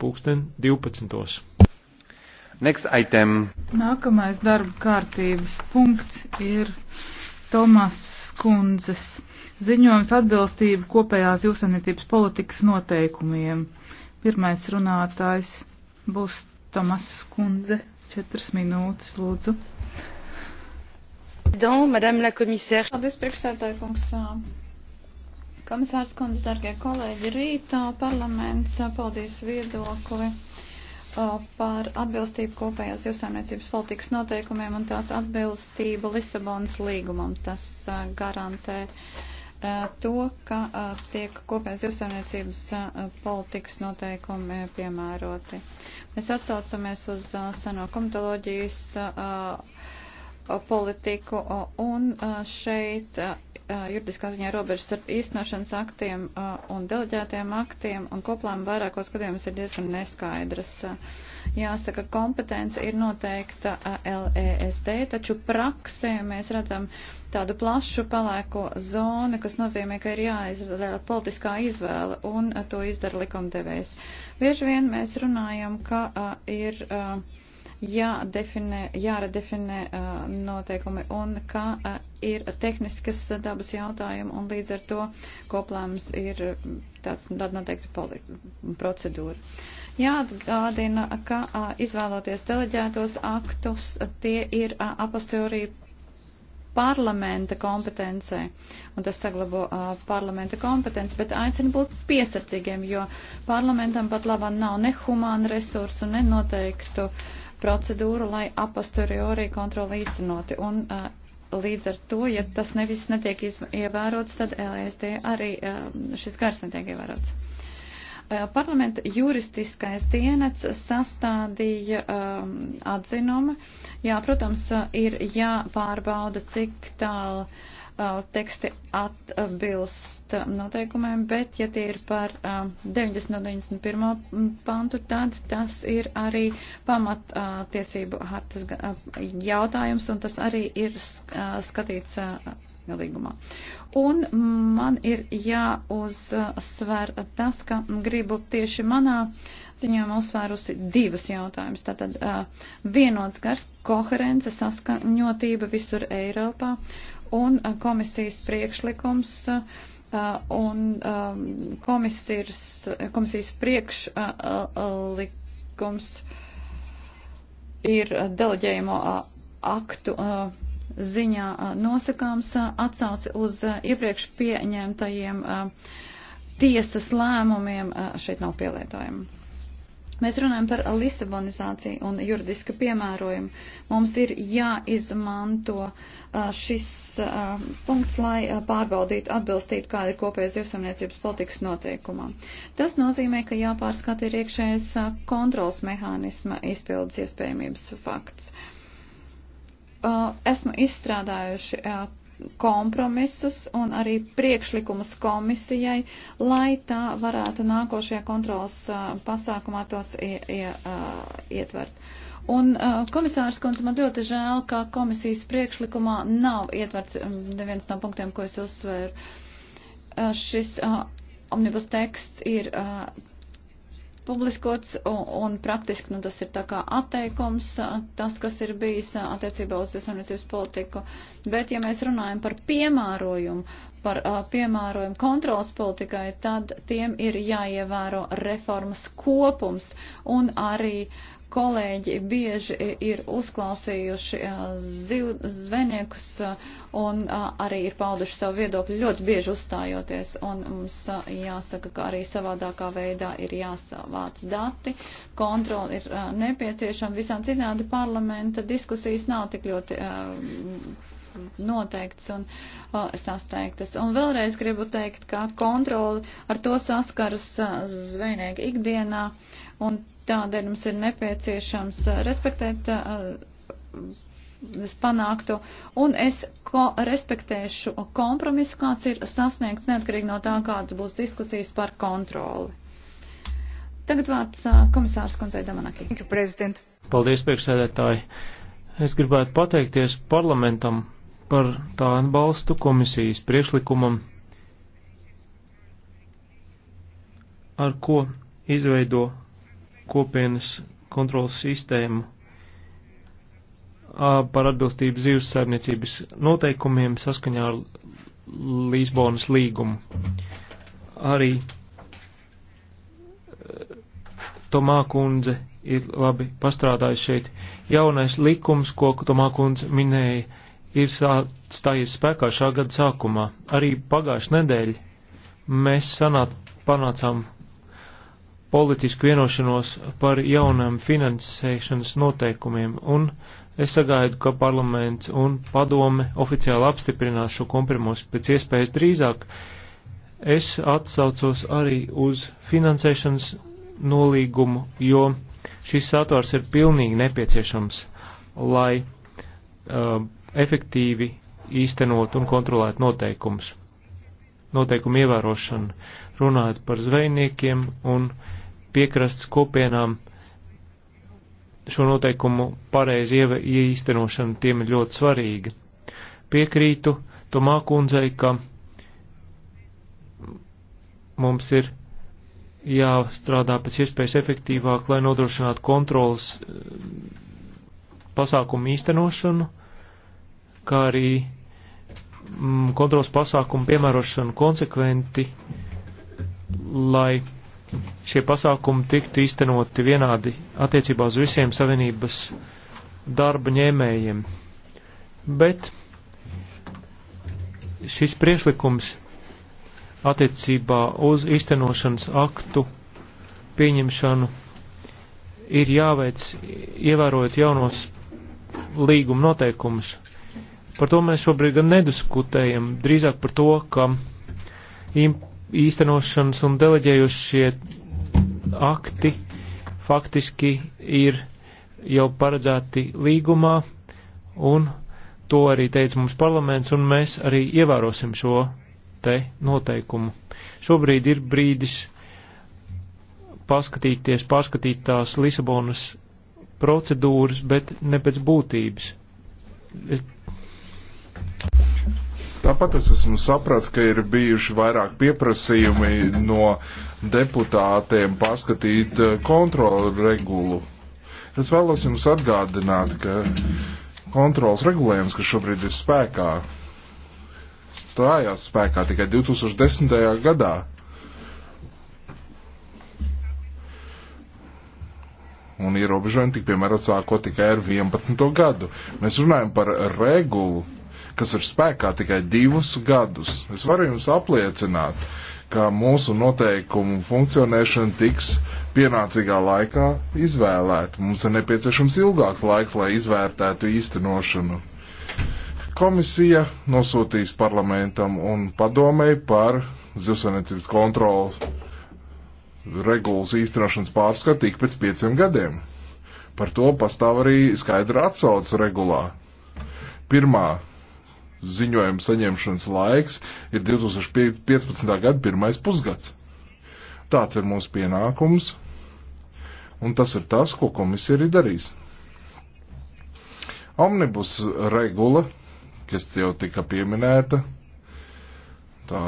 pulksten 12. Next item. Nākamais darba kārtības punkts ir Tomas Kundzes ziņojums atbilstību kopējās jūsanītības politikas noteikumiem. Pirmais runātājs būs Tomas Kundze. Četras minūtes, lūdzu. Madame la commissaire. Paldies, priekšsēdētāji, kungs. Komisārs Kundze, dargie kolēģi, rītā parlaments paudīs viedokli par atbilstību kopējās jūsēmniecības politikas noteikumiem un tās atbilstību Lisabonas līgumam. Tas garantē to, ka tiek kopējās jūsēmniecības politikas noteikumi piemēroti. Mēs atsaucamies uz seno komitoloģijas politiku, un šeit juridiskā ziņā robežas starp īstenošanas aktiem un deleģētiem aktiem un koplām vairākos gadījumus ir diezgan neskaidras. Jāsaka, kompetence ir noteikta LESD, taču praksē mēs redzam tādu plašu palēko zonu, kas nozīmē, ka ir jāizdara politiskā izvēle un to izdara likumdevējs. Bieži vien mēs runājam, ka ir. Uh, jādefinē, jāredefinē uh, noteikumi un kā uh, ir tehniskas dabas jautājumi un līdz ar to koplēms ir mm, tāds noteikta procedūra. Jāatgādina, ka uh, izvēloties deleģētos aktus, tie ir uh, apostorija parlamenta kompetencē, un tas saglabo uh, parlamenta kompetenci, bet aicinu būt piesardzīgiem, jo parlamentam pat labā nav ne humāna resursu, ne noteiktu uh, procedūru, lai apasturiori kontroli īstenoti. Un, uh, Līdz ar to, ja tas nevis netiek ievērots, tad LSD arī uh, šis gars netiek ievērots. Uh, parlamenta juristiskais dienas sastādīja um, atzinumu. Jā, protams, ir jāpārbauda, cik tālu uh, teksti atbilst noteikumiem, bet ja tie ir par 90 un 91 pantu, tad tas ir arī pamat tiesību hartas jautājums, un tas arī ir skatīts līgumā. Un man ir jāuzsver tas, ka gribu tieši manā ziņojumā uzsvērusi divus jautājumus. Tātad vienots gars, koherence, saskaņotība visur Eiropā un komisijas priekšlikums un komisijas, komisijas priekšlikums ir deleģējamo aktu ziņā nosakāms atsauci uz iepriekš pieņemtajiem tiesas lēmumiem šeit nav pielietojama. Mēs runājam par Lisabonizāciju un juridiska piemērojumu. Mums ir jāizmanto uh, šis uh, punkts, lai uh, pārbaudītu atbilstību, kāda ir kopējas zivsamniecības politikas noteikumā. Tas nozīmē, ka jāpārskata ir iekšējais kontrols mehānisma izpildes iespējamības fakts esmu izstrādājuši kompromisus un arī priekšlikumus komisijai, lai tā varētu nākošajā kontrolas pasākumā tos ietvert. Un komisārs kundze, man ļoti žēl, ka komisijas priekšlikumā nav ietverts neviens no punktiem, ko es uzsvēru. Šis omnibus teksts ir publiskots un, un praktiski nu, tas ir tā kā atteikums, tas, kas ir bijis attiecībā uz visamniecības politiku. Bet, ja mēs runājam par piemērojumu, par uh, piemērojumu kontrols politikai, tad tiem ir jāievēro reformas kopums un arī Kolēģi bieži ir uzklausījuši ziv, zvejniekus un arī ir pauduši savu viedokli ļoti bieži uzstājoties. Un mums jāsaka, ka arī savādākā veidā ir jāsavāc dati. Kontroli ir nepieciešama. Visām citādi parlamenta diskusijas nav tik ļoti noteikts un o, sasteigtas. Un vēlreiz gribu teikt, ka kontroli ar to saskaras zvejnieki ikdienā un tādēļ mums ir nepieciešams uh, respektēt uh, es panāktu, un es ko respektēšu kompromisu, kāds ir sasniegts, neatkarīgi no tā, kādas būs diskusijas par kontroli. Tagad vārds uh, komisārs Konzei Damanakī. Paldies, priekšsēdētāji. Es gribētu pateikties parlamentam par tā atbalstu komisijas priekšlikumam, ar ko izveido kopienas kontrolas sistēmu par atbilstību zivs saimniecības noteikumiem saskaņā ar Līsbonas līgumu. Arī Tomā kundze ir labi pastrādājusi šeit. Jaunais likums, ko Tomā kundze minēja, ir stājies spēkā šā gada sākumā. Arī pagājušajā nedēļā mēs sanāt, panācām politisku vienošanos par jaunām finansēšanas noteikumiem, un es sagaidu, ka parlaments un padome oficiāli apstiprinās šo kompromisu pēc iespējas drīzāk. Es atsaucos arī uz finansēšanas nolīgumu, jo šis satvars ir pilnīgi nepieciešams, lai uh, efektīvi īstenot un kontrolēt noteikumus noteikumu ievērošanu, runājot par zvejniekiem un piekrastes kopienām šo noteikumu pareizi īstenošana tiem ir ļoti svarīga. Piekrītu Tomā kundzei, ka mums ir jāstrādā pēc iespējas efektīvāk, lai nodrošinātu kontrolas eh, pasākumu īstenošanu, kā arī mm, kontrols pasākumu piemērošanu konsekventi, lai šie pasākumi tiktu īstenoti vienādi attiecībā uz visiem savienības darba ņēmējiem. Bet šis priešlikums attiecībā uz īstenošanas aktu pieņemšanu ir jāveic ievērojot jaunos līguma noteikumus. Par to mēs šobrīd gan nediskutējam, drīzāk par to, ka īstenošanas un deleģējušie akti faktiski ir jau paredzēti līgumā, un to arī teica mums parlaments, un mēs arī ievērosim šo te noteikumu. Šobrīd ir brīdis paskatīties, pārskatīt tās Lisabonas procedūras, bet ne pēc būtības. Es Tāpat es esmu sapratis, ka ir bijuši vairāk pieprasījumi no deputātiem pārskatīt eh, kontrolu regulu. Es vēlos jums atgādināt, ka kontrols regulējums, kas šobrīd ir spēkā, stājās spēkā tikai 2010. gadā. Un ierobežojumi tika piemērot sākot tikai ar 11. gadu. Mēs runājam par regulu, kas ir spēkā tikai divus gadus. Es varu jums apliecināt, ka mūsu noteikumu funkcionēšana tiks pienācīgā laikā izvēlēta. Mums ir nepieciešams ilgāks laiks, lai izvērtētu īstenošanu. Komisija nosūtīs parlamentam un padomēji par zivsainiecības kontrolu regulas īstenošanas pārskatu tik pēc pieciem gadiem. Par to pastāv arī skaidra atsauce regulā. Pirmā ziņojuma saņemšanas laiks ir 2015. gada pirmais pusgads. Tāds ir mūsu pienākums, un tas ir tas, ko komisija arī darīs. Omnibus regula, kas jau tika pieminēta, tā,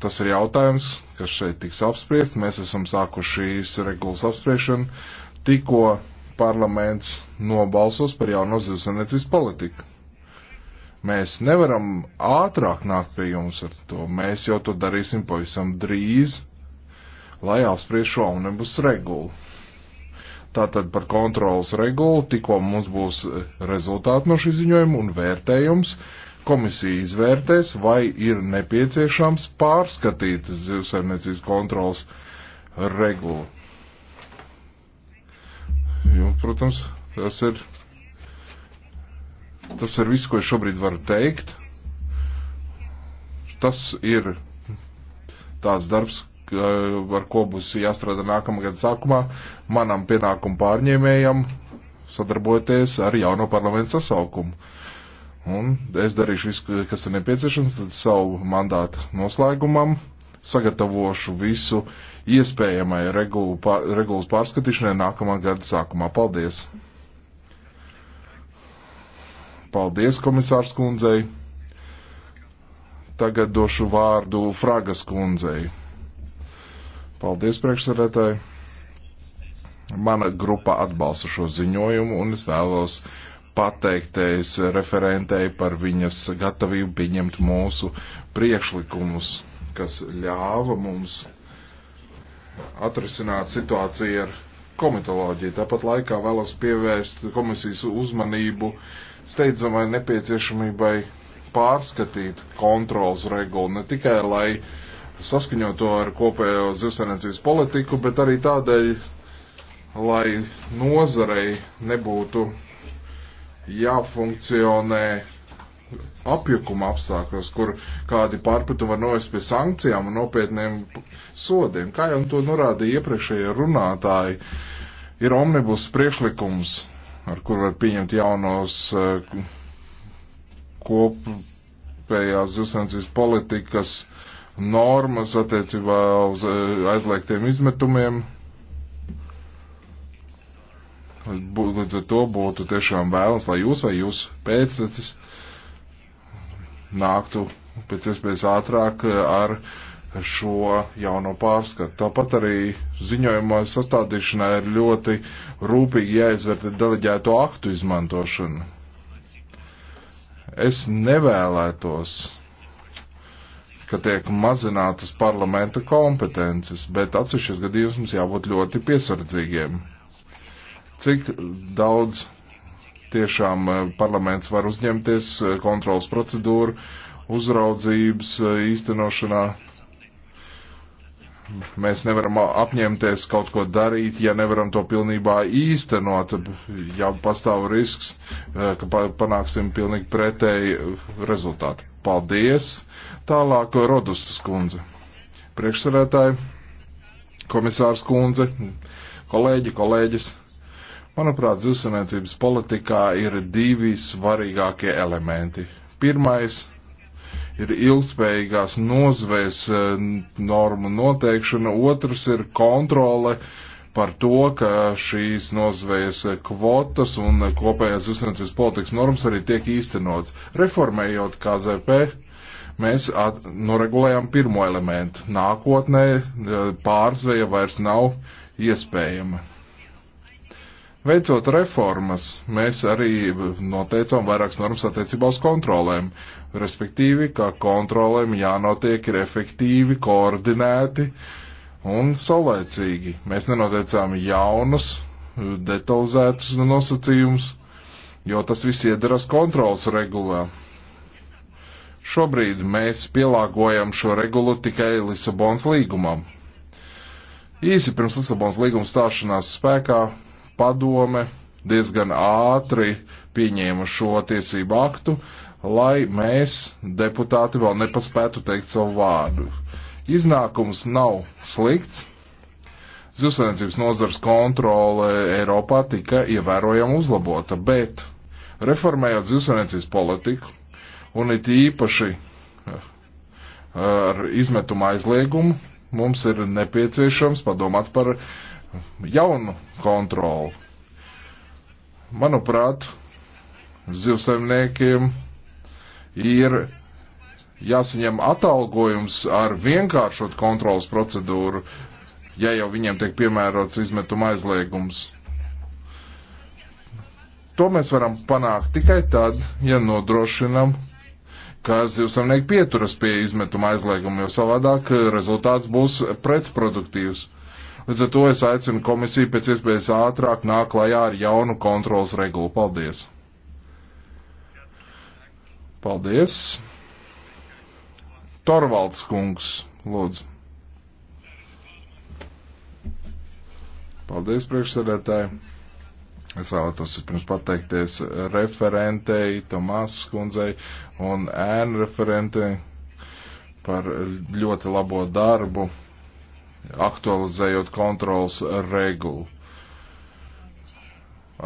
tas ir jautājums, kas šeit tiks apspriests. Mēs esam sākuši šīs regulas apspriešanu tikko parlaments nobalsos par jauno zivsainiecības politiku. Mēs nevaram ātrāk nākt pie jums ar to. Mēs jau to darīsim pavisam drīz, lai apspriež šo omnibus regulu. Tātad par kontrolas regulu tikko mums būs e, rezultāti no šī ziņojuma un vērtējums. Komisija izvērtēs, vai ir nepieciešams pārskatīt zivsaimniecības kontrolas regulu. Jums, protams, tas ir Tas ir viss, ko es šobrīd varu teikt. Tas ir tāds darbs, ar ko būs jāstrādā nākamā gada sākumā manam pienākumu pārņēmējam sadarbojoties ar jauno parlamentu sasaukumu. Un es darīšu visu, kas ir nepieciešams, tad savu mandātu noslēgumam sagatavošu visu iespējamai regulu, pār, regulas pārskatīšanai nākamā gada sākumā. Paldies! Paldies, komisārs kundzei. Tagad došu vārdu Fragas kundzei. Paldies, priekšsarētāji. Mana grupa atbalsta šo ziņojumu un es vēlos pateikties referentei par viņas gatavību pieņemt mūsu priekšlikumus, kas ļāva mums atrisināt situāciju ar komitoloģiju. Tāpat laikā vēlos pievērst komisijas uzmanību uh, steidzamai nepieciešamībai pārskatīt kontrols regulu, ne tikai lai saskaņot to ar kopējo zivsainiecības politiku, bet arī tādēļ, lai nozarei nebūtu jāfunkcionē apjukuma apstākļos, kur kādi pārpratumi var novest pie sankcijām un nopietniem sodiem. Kā jau to norādīja iepriekšējie runātāji, ir omnibus priekšlikums ar kur var pieņemt jaunos eh, kopējās zivsainicības politikas normas attiecībā uz eh, aizliegtiem izmetumiem. Līdz ar to būtu tiešām vēlams, lai jūs vai jūs pēctecis nāktu pēc iespējas ātrāk eh, ar uh, šo jauno pārskatu. Tāpat arī ziņojuma sastādīšanā ir ļoti rūpīgi jāizvērtē deleģēto aktu izmantošana. Es nevēlētos, ka tiek mazinātas parlamenta kompetences, bet atsevišķos gadījumos mums jābūt ļoti piesardzīgiem. Cik daudz tiešām eh, parlaments var uzņemties eh, kontrolas procedūru, uzraudzības eh, īstenošanā, Mēs nevaram apņemties kaut ko darīt, ja nevaram to pilnībā īstenot, ja pastāv risks, e, ka panāksim pilnīgi pretēji rezultāti. Paldies! Tālāk Rodusas kundze. Priekšsarētāji, komisārs kundze, kolēģi, kolēģis. Manuprāt, zivsarniecības politikā ir divi svarīgākie elementi. Pirmais ir ilgspējīgās nozvēs e, normu noteikšana, otrs ir kontrole par to, ka šīs nozvējas kvotas un kopējās uzsvencības politikas normas arī tiek īstenots. Reformējot KZP, mēs at, noregulējam pirmo elementu. Nākotnē e, pārzveja vairs nav iespējama. Veicot reformas, mēs arī noteicām vairākas normas attiecībā uz kontrolēm, respektīvi, ka kontrolēm jānotiek ir efektīvi, koordinēti un saulēcīgi. Mēs nenoteicām jaunus, detalizētus nosacījumus, jo tas viss iedaras kontrolas regulā. Šobrīd mēs pielāgojam šo regulu tikai Lisabons līgumam. Īsi pirms Lisabons līguma stāšanās spēkā padome diezgan ātri pieņēma šo tiesību aktu, lai mēs, deputāti, vēl nepaspētu teikt savu vārdu. Iznākums nav slikts. Zivsainicības nozars kontrole Eiropā tika ievērojami uzlabota, bet reformējot zivsainicības politiku un it īpaši eh, ar izmetuma aizliegumu mums ir nepieciešams padomāt par uh, jaunu kontroli. Manuprāt, zivsaimniekiem ir jāsaņem atalgojums ar vienkāršot kontrolas procedūru, ja jau viņiem tiek piemērots izmetuma aizliegums. To mēs varam panākt tikai tad, ja nodrošinam, ka zivsamnieki pieturas pie izmetuma aizlieguma, jo savādāk eh, rezultāts būs pretproduktīvs. Līdz ar to es aicinu komisiju pēc iespējas ātrāk nāk klajā ar jaunu kontrolas regulu. Paldies! Paldies! Torvalds kungs, lūdzu. Paldies, priekšsēdētāji! Es vēlētos pirms pateikties referentei Tomās kundzei un ēnu referentei par ļoti labo darbu aktualizējot kontrols regulu.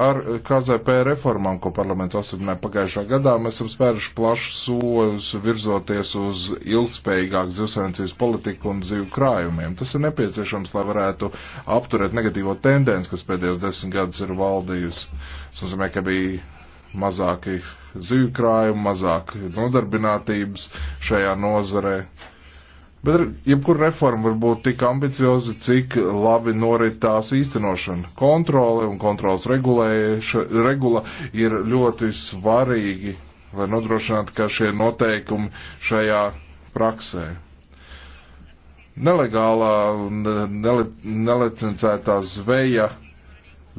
Ar KZP reformām, ko parlaments apstiprināja pagājušā gadā, mēs esam spēruši plašu soļus virzoties uz ilgspējīgāku zivsainicības politiku un zivu krājumiem. Tas ir nepieciešams, lai varētu apturēt negatīvo tendenci, kas pēdējos desmit gadus ir valdījusi. Tas nozīmē, ka bija mazāki zivju krājumi, mazāk nodarbinātības šajā nozarē. Bet jebkura reforma var būt tik ambicioza, cik labi norit tās īstenošana. Kontrole un kontrols regula ir ļoti svarīgi, lai nodrošinātu, ka šie noteikumi šajā praksē. Nelegālā, nelicencētā zveja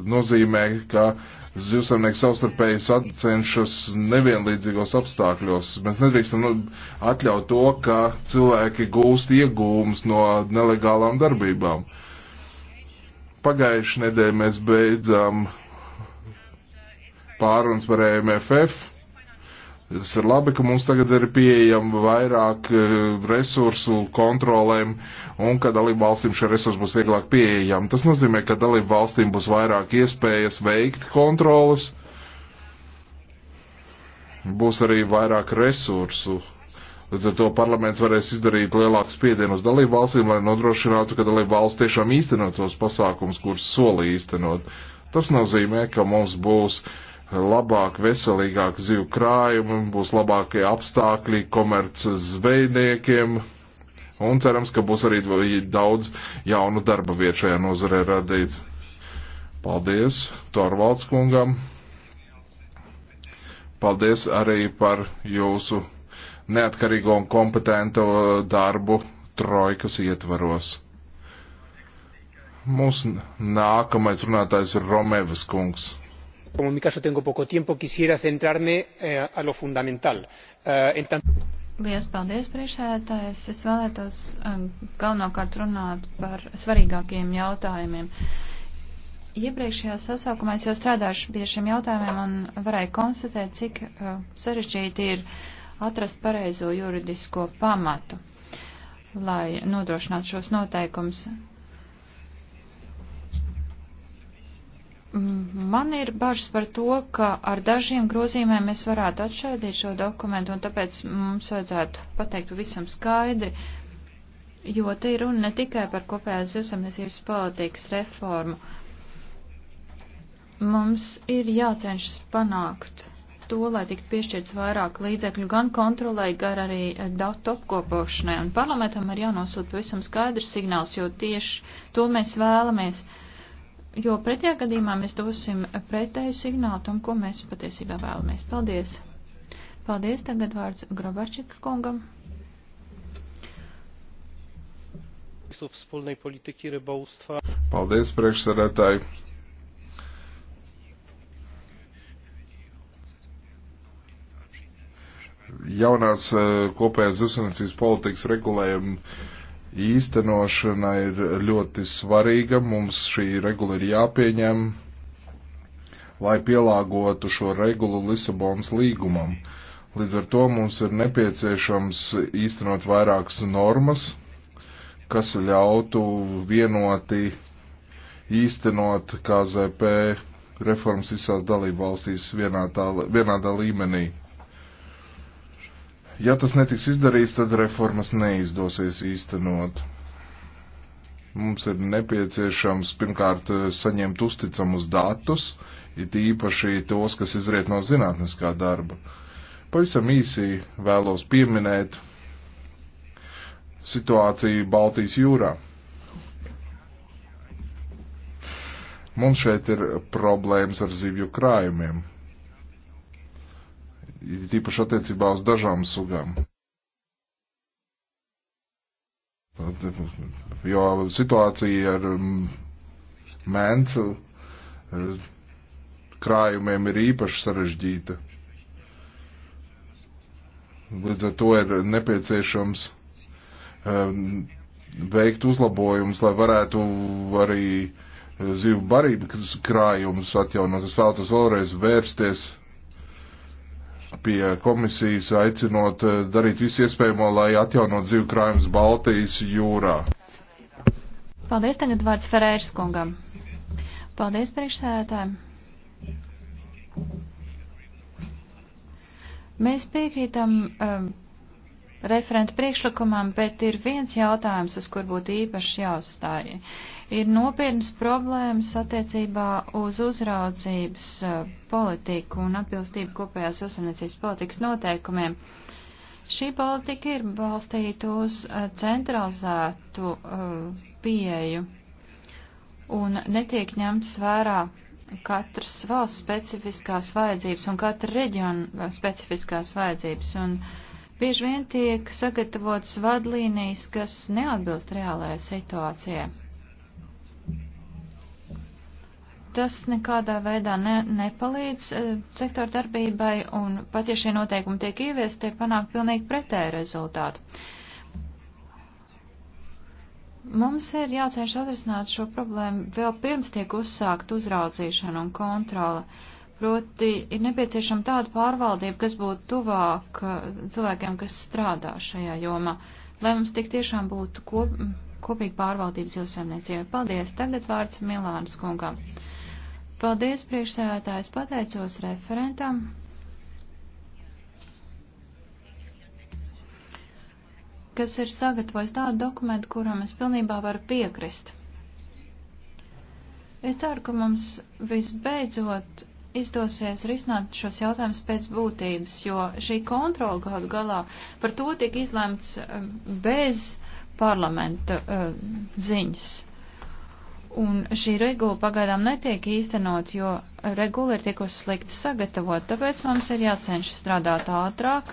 nozīmē, ka zivsaimnieki savstarpēji sacenšas nevienlīdzīgos apstākļos. Mēs nedrīkstam nu, atļaut to, ka cilvēki gūst iegūmus no nelegālām darbībām. Pagājuši nedēļ mēs beidzām pārunas par EMFF Tas ir labi, ka mums tagad ir pieejama vairāk e, resursu kontrolēm un ka dalību valstīm šie resursi būs vieglāk pieejami. Tas nozīmē, ka dalību valstīm būs vairāk iespējas veikt kontrolas, būs arī vairāk resursu Līdz ar to parlaments varēs izdarīt lielāku spiedienu uz dalību valstīm, lai nodrošinātu, ka dalību valsts tiešām īstenot tos pasākums, kurus soli īstenot. Tas nozīmē, ka mums būs labāk, veselīgāk zivu krājumu, būs labākie apstākļi komerc zvejniekiem. Un cerams, ka būs arī daudz jaunu darba vietu šajā nozarē radīts. Paldies Torvalds kungam. Paldies arī par jūsu neatkarīgo un kompetento darbu trojkas ietvaros. Mūsu nākamais runātājs ir Romevas kungs. Como en mi caso tengo poco tiempo, quisiera centrarme eh, a lo fundamental. Eh, en tanto... Lielas paldies, priekšsēdētājs. Es vēlētos um, galvenokārt runāt par svarīgākiem jautājumiem. Iepriekšējā sasaukumā es jau strādāšu pie šiem jautājumiem un varēju konstatēt, cik uh, sarežģīti ir atrast pareizo juridisko pamatu, lai nodrošinātu šos noteikumus. Man ir bažas par to, ka ar dažiem grozījumiem mēs varētu atšķaidīt šo dokumentu, un tāpēc mums vajadzētu pateikt visam skaidri, jo te ir runa ne tikai par kopējās zivsamniecības politikas reformu. Mums ir jācenšas panākt to, lai tiktu piešķirts vairāk līdzekļu gan kontrolai, gan arī datu apkopošanai, un parlamentam ir jānosūta pavisam skaidrs signāls, jo tieši to mēs vēlamies. Uh, jo pretējā gadījumā mēs dosim pretēju signālu tam, ko mēs patiesībā vēlamies. Paldies! Paldies! Tagad vārds Grobarčika kungam. Paldies, priekšsarētāji! Jaunās eh, kopējās zivsainicības politikas regulējuma īstenošana ir ļoti svarīga. Mums šī regula ir jāpieņem, lai pielāgotu šo regulu Lisabonas līgumam. Līdz ar to mums ir nepieciešams īstenot vairākas normas, kas ļautu vienoti īstenot KZP reformas visās dalību valstīs vienādā, vienādā līmenī. Ja tas netiks izdarīts, tad reformas neizdosies īstenot. Mums ir nepieciešams pirmkārt eh, saņemt uzticamus datus, it īpaši tos, kas izriet no zinātniskā darba. Pavisam īsi vēlos pieminēt situāciju Baltijas jūrā. Mums šeit ir problēmas ar zivju krājumiem tīpaši attiecībā uz dažām sugām. Jo situācija ar um, mēncu krājumiem ir īpaši sarežģīta. Līdz ar to ir nepieciešams um, veikt uzlabojumus, lai varētu arī uh, zivju barību krājumus atjaunot. Es vēlētos vēlreiz vērsties pie komisijas aicinot eh, darīt visu iespējamo, lai atjaunot zivju krājumus Baltijas jūrā. Paldies, tagad vārds Ferērs kungam. Paldies, priekšsēdētājiem. Mēs piekrītam um, referenta priekšlikumam, bet ir viens jautājums, uz kur būtu īpaši jāuzstāj. Uh, Ir nopietnas problēmas attiecībā uz uzraudzības politiku un atbilstību kopējās uzsaimniecības politikas noteikumiem. Šī politika ir balstīta uz centralizētu pieeju un netiek ņemts vērā katras valsts specifiskās vajadzības un katra reģiona specifiskās vajadzības. Un bieži vien tiek sagatavotas vadlīnijas, kas neatbilst reālajai situācijai. tas nekādā veidā ne, nepalīdz e, sektora darbībai, un pat ja šie noteikumi tiek ieviesti, tie panāk pilnīgi pretēju rezultātu. Mums ir jācenš atrisināt šo problēmu vēl pirms tiek uzsākt uzraudzīšana un kontrola. Proti ir nepieciešama tāda pārvaldība, kas būtu tuvāk e, cilvēkiem, kas strādā šajā jomā, lai mums tik tiešām būtu kop, kopīga pārvaldības jūsu saimniecībai. Paldies! Tagad vārds Milānas kungam. Paldies, priekšsēdētājs, pateicos referentam. kas ir sagatavojis tādu dokumentu, kuram es pilnībā varu piekrist. Es ceru, ka mums visbeidzot izdosies risināt šos jautājumus pēc būtības, jo šī kontrola gadu galā par to tika izlēmts um, bez parlamenta uh, ziņas. Un šī regula pagaidām netiek īstenot, jo regula ir tikusi slikti sagatavot, tāpēc mums ir jācenšas strādāt ātrāk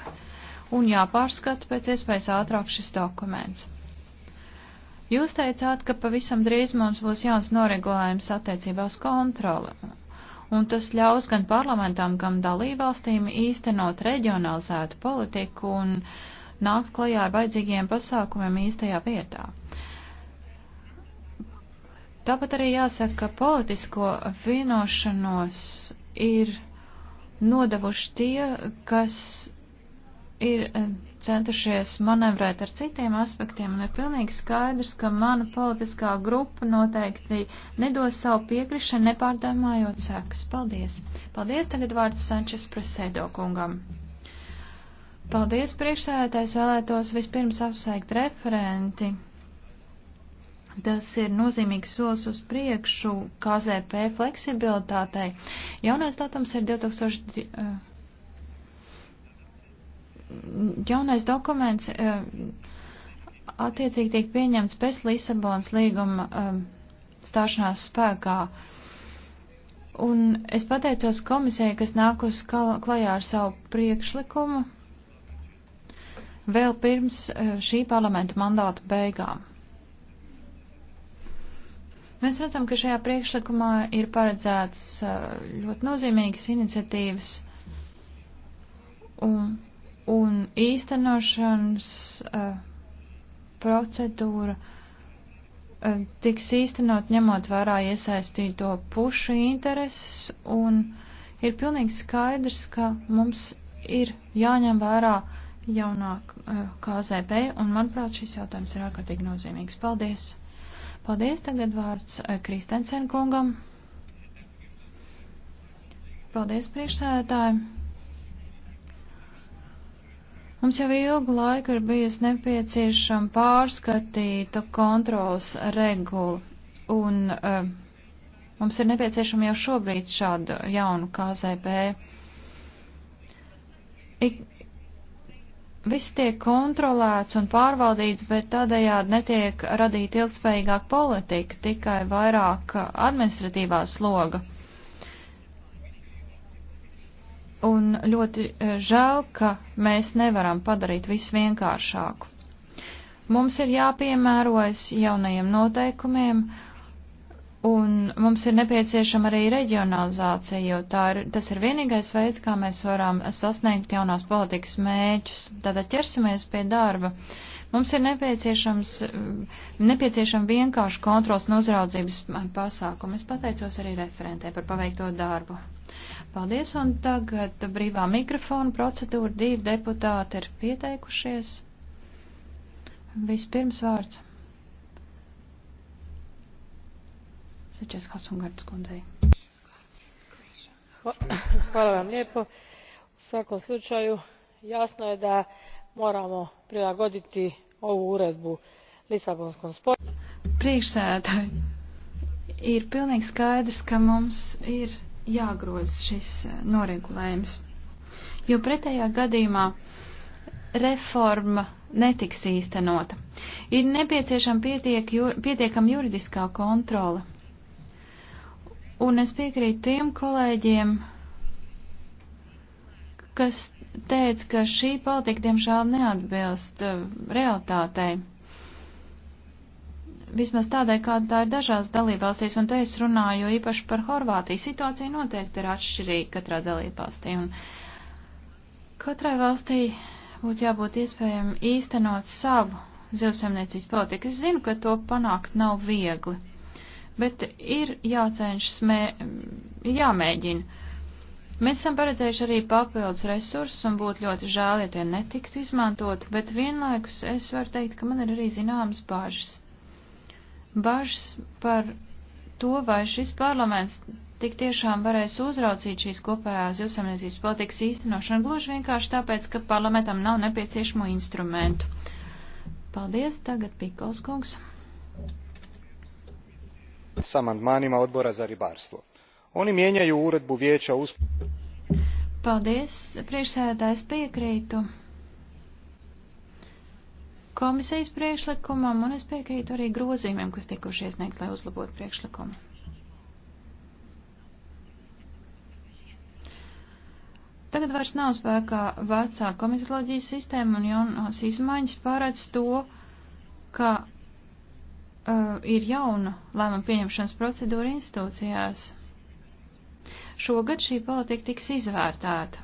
un jāpārskata pēc iespējas ātrāk šis dokuments. Jūs teicāt, ka pavisam drīz mums būs jauns noregulējums attiecībā uz kontroli, un tas ļaus gan parlamentām, gan dalībvalstīm īstenot reģionalizētu politiku un nākt klajā ar vajadzīgiem pasākumiem īstajā vietā. Tāpat arī jāsaka, ka politisko vienošanos ir nodevuši tie, kas ir eh, centušies manevrēt ar citiem aspektiem, un ir pilnīgi skaidrs, ka mana politiskā grupa noteikti nedos savu piekrišanu, nepārdomājot sekas. Paldies! Paldies tagad vārds Sančes Presedo kungam. Paldies priekšsēdētājs vēlētos vispirms apsveikt referenti Tas ir nozīmīgs solis uz priekšu KZP fleksibilitātei. Jaunais datums ir 2000. Eh, jaunais dokuments eh, attiecīgi tiek pieņemts pēc Lisabonas līguma eh, stāšanās spēkā. Un es pateicos komisijai, kas nāk uz klajā ar savu priekšlikumu vēl pirms šī parlamenta mandāta beigām. Mēs redzam, ka šajā priekšlikumā ir paredzēts uh, ļoti nozīmīgas iniciatīvas un, un īstenošanas uh, procedūra uh, tiks īstenot ņemot vērā iesaistīto pušu intereses un ir pilnīgi skaidrs, ka mums ir jāņem vērā jaunā KZP un manuprāt šis jautājums ir ārkārtīgi nozīmīgs. Paldies! Paldies, tagad vārds eh, Kristensen kungam. Paldies, priekšsēdētāji. Mums jau ilgu laiku ir bijis nepieciešama pārskatīta kontrols regula, un uh, mums ir nepieciešama jau šobrīd šāda jauna KZP. Ik viss tiek kontrolēts un pārvaldīts, bet tādējādi netiek radīta ilgspējīgāka politika, tikai vairāk administratīvā sloga. Un ļoti eh, žēl, ka mēs nevaram padarīt visu vienkāršāku. Mums ir jāpiemērojas jaunajiem noteikumiem Un mums ir nepieciešama arī reģionalizācija, jo ir, tas ir vienīgais veids, kā mēs varam sasniegt jaunās politikas mēķus. Tātad ķersimies pie darba. Mums ir nepieciešams, nepieciešama vienkārši kontrols un uzraudzības pasākumi. Es pateicos arī referentē par paveikto darbu. Paldies, un tagad brīvā mikrofona procedūra divi deputāti ir pieteikušies. Vispirms vārds. Sečes Hasungards kundzei. Hvala vam lijepo. U svakom slučaju jasno je da moramo prilagoditi ovu uredbu Lisabonskom sporazumu. Priekšsēdētāji, ir pilnīgi skaidrs, ka mums ir jāgroza šis eh, noregulējums, jo pretējā gadījumā reforma netiks īstenota. Ir nepietiekama jur, pietiekam juridiskā kontrola Un es piekrītu tiem kolēģiem, kas teica, ka šī politika diemžēl neatbilst uh, realitātei. Vismaz tādai, kāda tā ir dažās dalībvalstīs, un te es runāju īpaši par Horvātiju. Situācija noteikti ir atšķirīga katrā dalībvalstī, un katrai valstī būtu jābūt iespējami īstenot savu zivsemniecības politiku. Es zinu, ka to panākt nav viegli bet ir jācenšas, mē, jāmēģina. Mēs esam paredzējuši arī papildus resursus un būtu ļoti žēl, ja tie netiktu izmantot, bet vienlaikus es varu teikt, ka man ir arī zināmas bažas. Bažas par to, vai šis parlaments tik tiešām varēs uzraucīt šīs kopējās zilsamniecības politikas īstenošanu, gluži vienkārši tāpēc, ka parlamentam nav nepieciešamo instrumentu. Paldies, tagad Pikols kungs s amandmanima odbora za ribarstvo. Oni mijenjaju uredbu vijeća uz... Paldies, priekšsēdētājs piekrītu komisijas priekšlikumam, un es piekrītu arī grozījumiem, kas tikuši iesniegt, lai uzlabotu priekšlikumu. Tagad vairs nav spēkā vecā komitoloģijas sistēma, un jaunās izmaiņas pārēc to, ka uh, ir jauna lēmuma pieņemšanas procedūra institūcijās. Šogad šī politika tiks izvērtēta.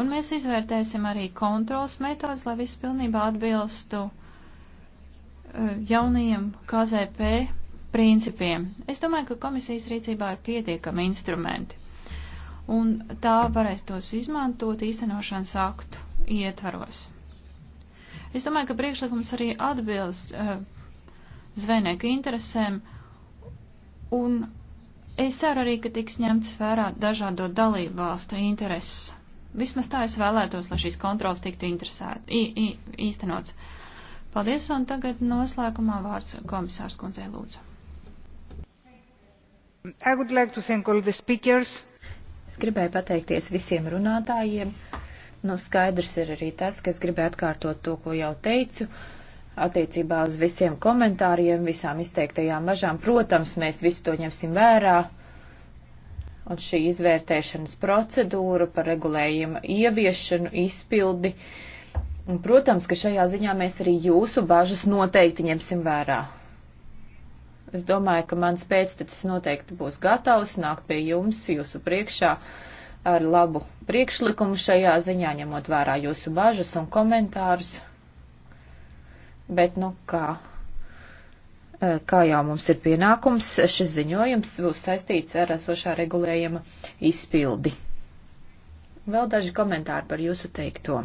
Un mēs izvērtēsim arī kontrols metodus, lai viss pilnībā atbilstu uh, jaunajiem KZP principiem. Es domāju, ka komisijas rīcībā ir pietiekami instrumenti. Un tā varēs tos izmantot īstenošanas aktu ietvaros. Es domāju, ka priekšlikums arī atbilst uh, zvejnieku interesēm, un es ceru arī, ka tiks ņemts vērā dažādo dalību valstu intereses. Vismaz tā es vēlētos, lai šīs kontrols tiktu īstenots. Paldies, un tagad noslēgumā vārds komisārs kundzei lūdzu. Like es gribēju pateikties visiem runātājiem. Nu, no skaidrs ir arī tas, ka es gribēju atkārtot to, ko jau teicu. Uh, attiecībā uz visiem komentāriem, visām izteiktajām bažām. Protams, mēs visu to ņemsim vērā. Un šī izvērtēšanas procedūra par regulējumu ieviešanu, izpildi. Un, protams, ka šajā ziņā mēs arī jūsu bažas noteikti ņemsim vērā. Es domāju, ka mans pēctecis noteikti būs gatavs nākt pie jums, jūsu priekšā, ar labu priekšlikumu šajā ziņā, ņemot vērā jūsu bažas un komentārus. Bet nu kā? Eh, kā jau mums ir pienākums, šis ziņojums būs saistīts ar esošā regulējuma izpildi. Vēl daži komentāri par jūsu teikto.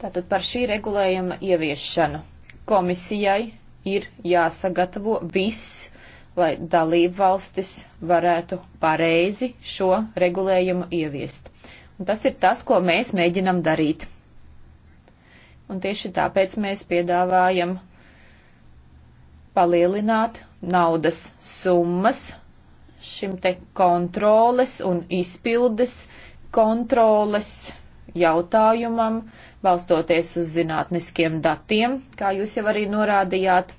Tātad par šī regulējuma ieviešanu komisijai ir jāsagatavo viss, lai dalību valstis varētu pareizi šo regulējumu ieviest. Un tas ir tas, ko mēs mēģinam darīt un tieši tāpēc mēs piedāvājam palielināt naudas summas šim te kontroles un izpildes kontroles jautājumam, balstoties uz zinātniskiem datiem, kā jūs jau arī norādījāt.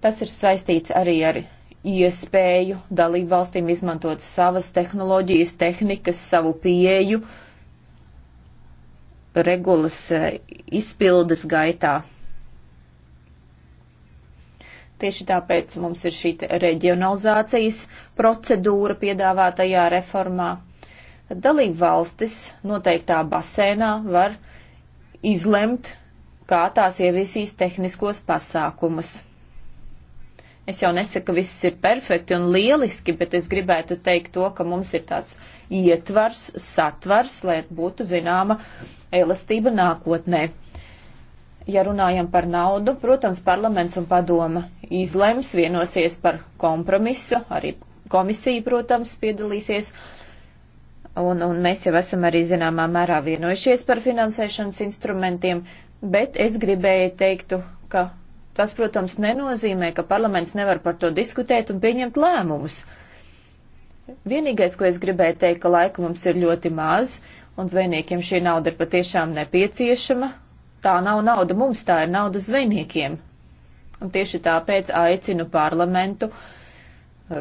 Tas ir saistīts arī ar iespēju dalību valstīm izmantot savas tehnoloģijas, tehnikas, savu pieeju, uh, regulas eh, izpildes gaitā. Tieši tāpēc mums ir šī reģionalizācijas procedūra piedāvātajā reformā. Dalību valstis noteiktā basēnā var izlemt, kā tās ieviesīs tehniskos pasākumus. Es jau nesaku, ka viss ir perfekti un lieliski, bet es gribētu teikt to, ka mums ir tāds ietvars, satvars, lai būtu zināma elastība nākotnē. Ja runājam par naudu, protams, parlaments un padoma izlems, vienosies par kompromisu, arī komisija, protams, piedalīsies. Un, un mēs jau esam arī zināmā mērā vienojušies par finansēšanas instrumentiem, bet es gribēju teiktu, ka Tas, protams, nenozīmē, ka parlaments nevar par to diskutēt un pieņemt lēmumus. Vienīgais, ko es gribēju teikt, ka laika mums ir ļoti maz, un zvejniekiem šī nauda ir patiešām nepieciešama. Tā nav nauda mums, tā ir nauda zvejniekiem. Un tieši tāpēc aicinu parlamentu uh,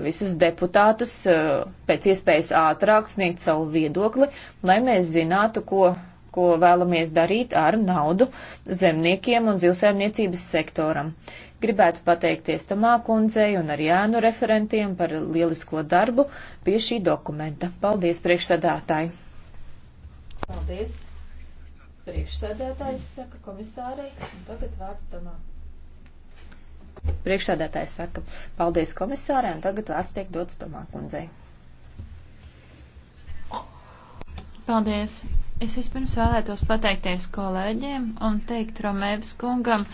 visus deputātus eh, pēc iespējas ātrāk sniegt savu viedokli, lai mēs zinātu, ko ko vēlamies darīt ar naudu zemniekiem un zivsaimniecības sektoram. Gribētu pateikties Tamā kundzei un ar Jānu referentiem par lielisko darbu pie šī dokumenta. Paldies, priekšsēdētāji! Paldies! Priekšsēdētājs saka komisārei, un tagad vārds Tamā. Priekšsēdētājs saka, paldies komisārē, un tagad vārds tiek dots Tomā kundzei. Paldies! Es vispirms vēlētos pateikties kolēģiem un teikt Romēvis kungam,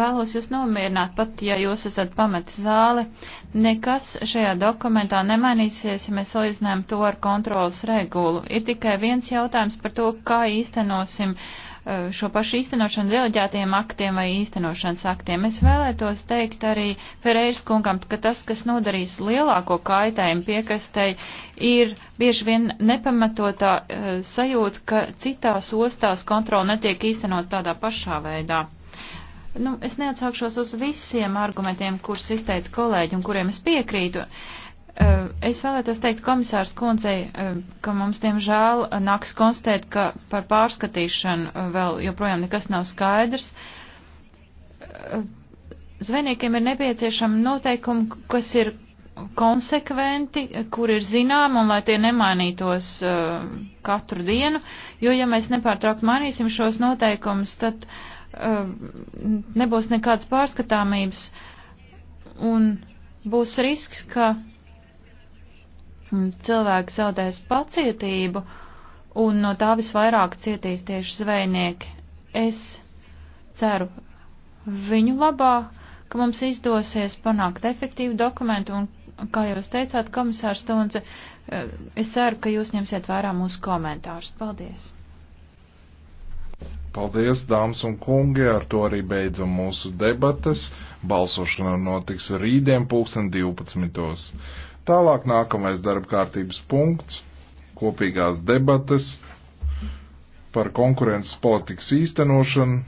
vēlos jūs nomierināt, pat ja jūs esat pametis zāli, nekas šajā dokumentā nemainīsies, ja mēs salīdzinām to ar kontrolas regulu. Ir tikai viens jautājums par to, kā īstenosim uh, Eh, šo pašu īstenošanu deleģētiem aktiem vai īstenošanas aktiem. Es vēlētos teikt arī Ferreiras kungam, ka tas, kas nodarīs lielāko kaitējumu piekastei, ir bieži vien nepamatotā uh, sajūta, ka citās ostās kontrola netiek īstenot tādā pašā veidā. Nu, es neatsākšos uz visiem argumentiem, kurus izteica kolēģi un kuriem es piekrītu. Uh, Eh, es vēlētos teikt komisārs kundzei, eh, ka mums, diemžēl, nāks konstatēt, ka par pārskatīšanu eh, vēl joprojām nekas nav skaidrs. Zvejniekiem ir nepieciešama noteikumi, kas ir konsekventi, kur ir zinām un lai tie nemainītos uh, katru dienu, jo ja mēs nepārtraukt mainīsim šos noteikumus, tad uh, nebūs nekādas pārskatāmības un būs risks, ka Mm, cilvēki zaudēs pacietību, un no tā visvairāk cietīs tieši zvejnieki. Es ceru viņu labā, ka mums izdosies panākt efektīvu dokumentu, un, kā jūs teicāt, komisārs Tunce, eh, es ceru, ka jūs ņemsiet vērā mūsu komentārus. Paldies! Paldies, dāmas un kungi, ar to arī beidzam mūsu debates. Balsošana notiks rītdien pulksten 12. Tālāk nākamais darba kārtības punkts - kopīgās debates par konkurences politikas īstenošanu